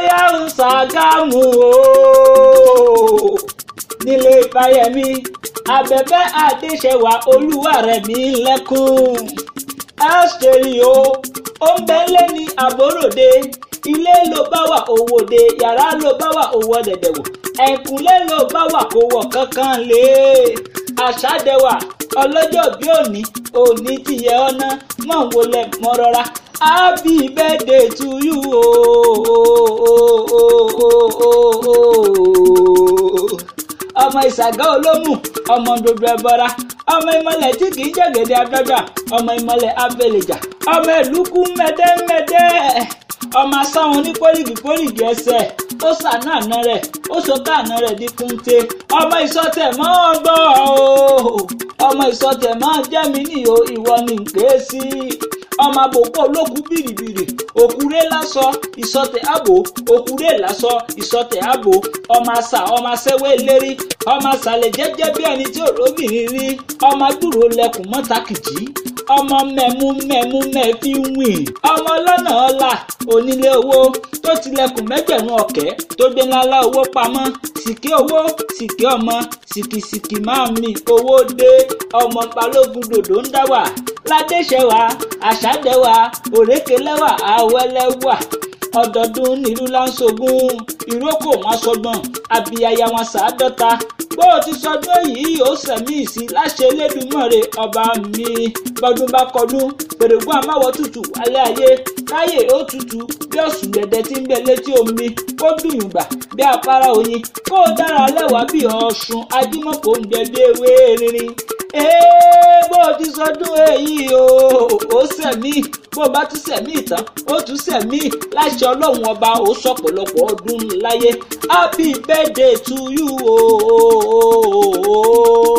lọ́yà ń ṣàgámù o nílé fáyẹmí abẹ́fẹ́ àdéṣẹwà olúwa rẹ̀ mí lẹ́kùn ẹ́sítẹ́rìó ó ń bẹ́lẹ̀ ní àbóròde ilé ló bá wà owó de yàrá ló bá wà owó dẹ̀dẹ̀wò ẹ̀kúnlé ló bá wà kó wọ̀ kankan lé àṣàdẹ̀wà ọlọ́jọ́ bí òní òní tìyẹ ọ́nà mọ̀ ń wọlé mọ́ happy birthday to you ọmọ ìsàgá olómù ọmọ dodo ẹbọra ọmọ ìmọ̀lẹ̀ tí kì í jẹgẹdẹ abẹbà ọmọ ìmọ̀lẹ̀ abẹlẹjà ọmọ ìlúkú mẹdẹmẹdẹ ọmọ asáwọn ní kórìgì kórìgì ẹsẹ̀ ó sànà àná rẹ, ó sọká àná rẹ̀ di kúńté ọmọ ìsọtẹ máa ń gbọ́ ọmọ ìsọtẹ máa jẹ nìyó ìwọ ni n sí. ọmọ àbòkọ olókùn bìrìbìrì òkúrẹ́ lásọ ìsọtẹ̀ àbò òkúrẹ́ lásọ ìsọtẹ̀ àbò ọmọ àṣà ọmọ àṣẹwé lérí ọmọ àṣàlẹ̀ jẹ́jẹ́ bí ẹni tí òróbìnrin rí ọmọ àdúró lẹkùn mọ́tàkìjì ọmọ mẹ́mú mẹ́mú mẹ́fí ń wìn ọmọ lọ́nà ọ̀la onílé owó tó tilẹ̀kùn mẹ́gbẹ̀rún ọ̀kẹ́ tó gbé ńláńlá owó pamọ́ sìkì owó sìkì ọmọ sìkìsìkì máa mi owó dé ọmọ balógun dòdò ń dá wà ládéṣẹwà àṣàdẹwà òrékelẹwà àwẹlẹwà ọdọọdún nílùú lánṣogún ìrókò wọn sọgbọn abiyaya wọn sàádọ́ta bó o ti sọdún yìí ó sẹ̀mí ìsìn láṣẹ Elédùmarè ọba mi bọ́dún bá kọdún pèrègùn àmàwọ̀ tutù alẹ́ ayé láyè ó tutù bí ọ̀sùn dẹ̀dẹ̀ ti ń bẹ létí omi kó dùnyùngbà bí apára oyin kó o dára lẹ́wàá bí Ọ̀ṣun ajímọ̀kò ń bẹ bí ewé rinrin bó o ti sọdún èyí o ó sẹ̀mí bó o bá tún sẹ̀mí ìtàn ó tún sẹ̀mí láṣẹ ọlọ́run ọba ó sọ̀pọ̀lọpọ̀ ọdún láyé happy birthday to you o. Oh, oh, oh, oh.